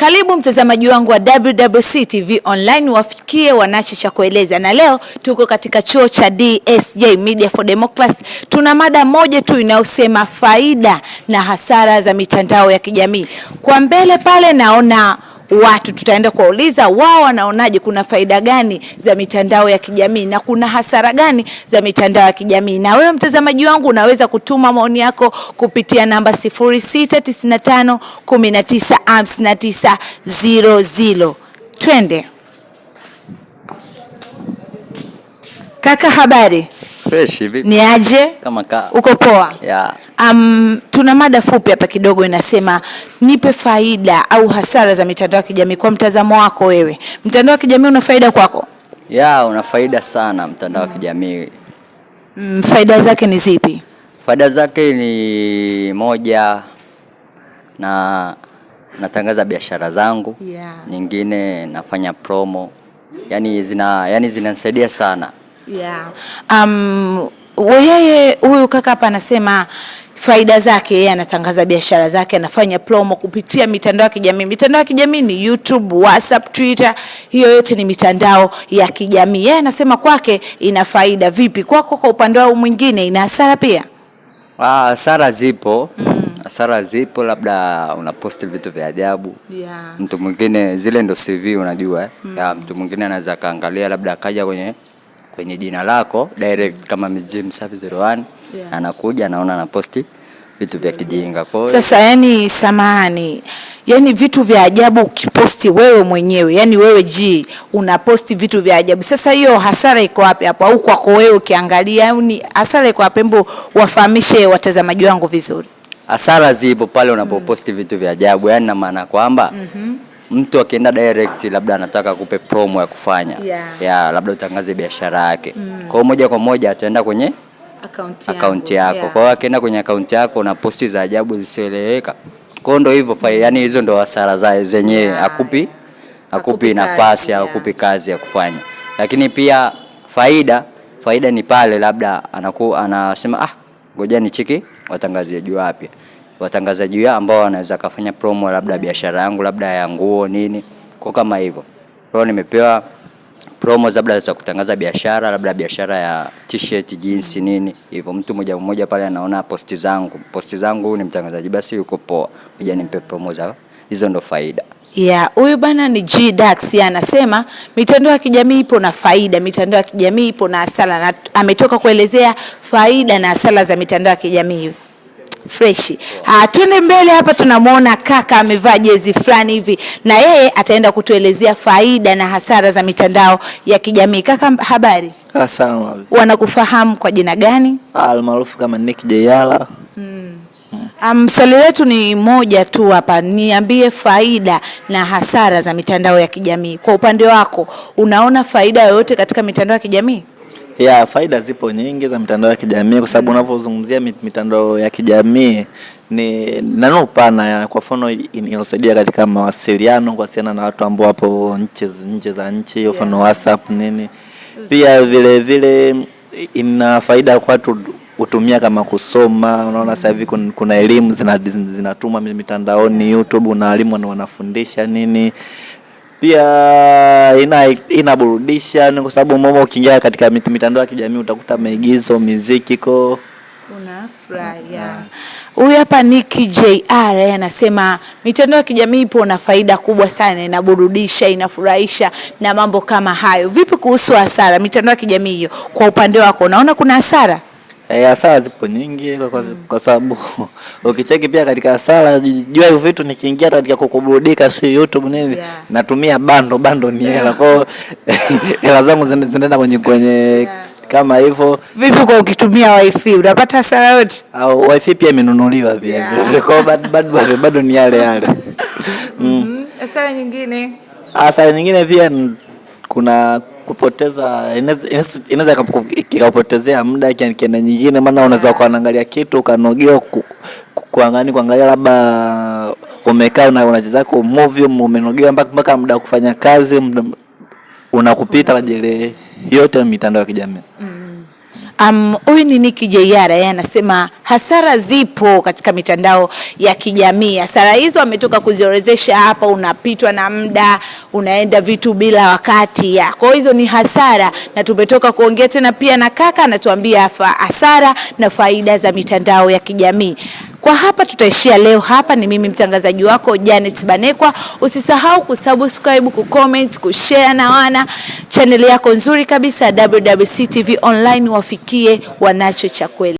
Karibu mtazamaji wangu wa WWC TV online, wafikie wanacho cha kueleza, na leo tuko katika chuo cha DSJ Media for Democracy. Tuna mada moja tu inayosema faida na hasara za mitandao ya kijamii. Kwa mbele pale naona watu, tutaenda kuwauliza wao wanaonaje, kuna faida gani za mitandao ya kijamii na kuna hasara gani za mitandao ya kijamii. Na wewe mtazamaji wangu unaweza kutuma maoni yako kupitia namba 0695195900. Twende kaka, habari fresh. Vipi, ni aje? Kama ka uko poa? yeah. Um, tuna mada fupi hapa kidogo inasema nipe faida au hasara za mitandao ya kijamii kwa mtazamo wako wewe. Mtandao wa kijamii una faida kwako? Ya, una faida sana mtandao wa mm. kijamii. Mm, faida zake ni zipi? Faida zake ni moja na natangaza biashara zangu yeah. Nyingine nafanya promo yani zina yani zinanisaidia sana yeah. Um, yeye huyu kaka hapa anasema faida zake, yeye anatangaza biashara zake, anafanya promo kupitia mitandao ya kijamii. Mitandao ya kijamii ni YouTube, WhatsApp, Twitter, hiyo yote ni mitandao ya kijamii. Yeye anasema kwake ina faida. Vipi kwako, kwa upande wao mwingine, ina hasara pia? Ah, hasara zipo mm. Hasara zipo, labda unaposti vitu vya ajabu yeah. Mtu mwingine zile ndo CV unajua eh? mm. Ya, mtu mwingine anaweza kaangalia labda akaja kwenye kwenye jina lako direct mm. kama mjimsafi01 yeah. Anakuja anaona na posti vitu vya kijinga. Kwa hiyo sasa, yani samahani, yani vitu vya ajabu ukiposti wewe mwenyewe, yani wewe ji unaposti vitu vya ajabu. Sasa hiyo hasara iko wapi hapo, au kwako wewe ukiangalia, yani hasara iko wapi? Mbo wafahamishe watazamaji wangu vizuri. Hasara zipo pale mm. unapoposti mm. vitu vya ajabu, yani na maana kwamba mm -hmm mtu akienda direct labda anataka kupe promo ya kufanya yeah. Yeah, labda utangaze biashara yake mm. Kwa hiyo moja kwa moja ataenda kwenye akaunti yako yeah. Kwa hiyo akienda kwenye akaunti yako na posti za ajabu zisieleweka kwa ndo hivyo mm. Yani hizo ndo hasara za zenyewe yeah. Akupi akupi nafasi au akupi kazi ya kufanya, lakini pia faida faida ni pale labda anaku anasema ah, ngoja nicheki watangazaji wapya watangazaji wao ambao wanaweza kafanya promo labda mm. biashara yangu labda ya nguo nini, kwa kama hivyo. Kwa nimepewa promo labda za kutangaza biashara labda biashara ya t-shirt, jeans mm. nini hivyo, mtu mmoja mmoja pale anaona posti zangu, posti zangu ni mtangazaji, basi yuko poa, kuja nimpe mm. promo za hizo, ndo faida ya huyu bana ni G Dax anasema mitandao ya kijamii ipo na faida, mitandao ya kijamii ipo na hasara, na ametoka kuelezea faida na hasara za mitandao ya kijamii freshi. Ah, twende mbele hapa, tunamwona kaka amevaa jezi fulani hivi, na yeye ataenda kutuelezea faida na hasara za mitandao ya kijamii. Kaka habari? Asalamu ah, alaykum. Wanakufahamu kwa jina gani? Ah, almaarufu kama Nick Jayala. Mm. Um, swali letu ni moja tu hapa, niambie faida na hasara za mitandao ya kijamii. Kwa upande wako, unaona faida yoyote katika mitandao ya kijamii? Ya faida zipo nyingi za mitandao ya kijamii kwa sababu mm. unavyozungumzia mitandao ya kijamii ni nani upana ya kwa mfano inasaidia katika mawasiliano kuwasiliana na watu ambao wapo nje nje za nchi, mfano WhatsApp nini. Pia vile vile ina faida kwa watu hutumia kama kusoma. Unaona sasa hivi kuna elimu zinatumwa mitandaoni, YouTube na walimu wanafundisha nini pia ina inaburudisha kwa sababu mama, ukiingia katika mitandao ya kijamii utakuta maigizo, miziki ko unafurahia. Huyu hapa Nicky JR eh, anasema mitandao ya kijamii ipo na faida kubwa sana, inaburudisha, inafurahisha na mambo kama hayo. Vipi kuhusu hasara mitandao ya kijamii hiyo, kwa upande wako unaona kuna hasara? Eh, hasara e, zipo nyingi kwa, kwa, kwa sababu ukicheki pia katika hasara, jua hiyo vitu nikiingia katika kukuburudika, si YouTube nini yeah. Natumia bando bando ni hela yeah. Kwao hela zangu zinaenda kwenye kwenye yeah kama hivyo vipi? Kwa ukitumia wifi unapata hasara yote? Au wifi pia imenunuliwa pia yeah. Kwa bado bado bad, ni yale yale mm-hmm. mm. Hasara nyingine, hasara nyingine pia kuna kupoteza inaweza kikapotezea muda kienda nyingine, maana unaweza ukaangalia kitu ukanogewa kuangani kuangalia labda umekaa unacheza kwa movie umenogea mpaka muda wa kufanya kazi unakupita kwa ajili yote mitandao ya kijamii. Huyu um, ni Niki Jr yeye anasema hasara zipo katika mitandao ya kijamii. Hasara hizo ametoka kuziorezesha hapa, unapitwa na muda, unaenda vitu bila wakati ya. Kwa hizo ni hasara, na tumetoka kuongea tena pia na kaka anatuambia hasara na faida za mitandao ya kijamii. Kwa hapa tutaishia leo hapa. Ni mimi mtangazaji wako Janet Banekwa. Usisahau kusubscribe, kucomment, kushare na wana chaneli yako nzuri kabisa WWC TV online, wafikie wanacho cha kweli.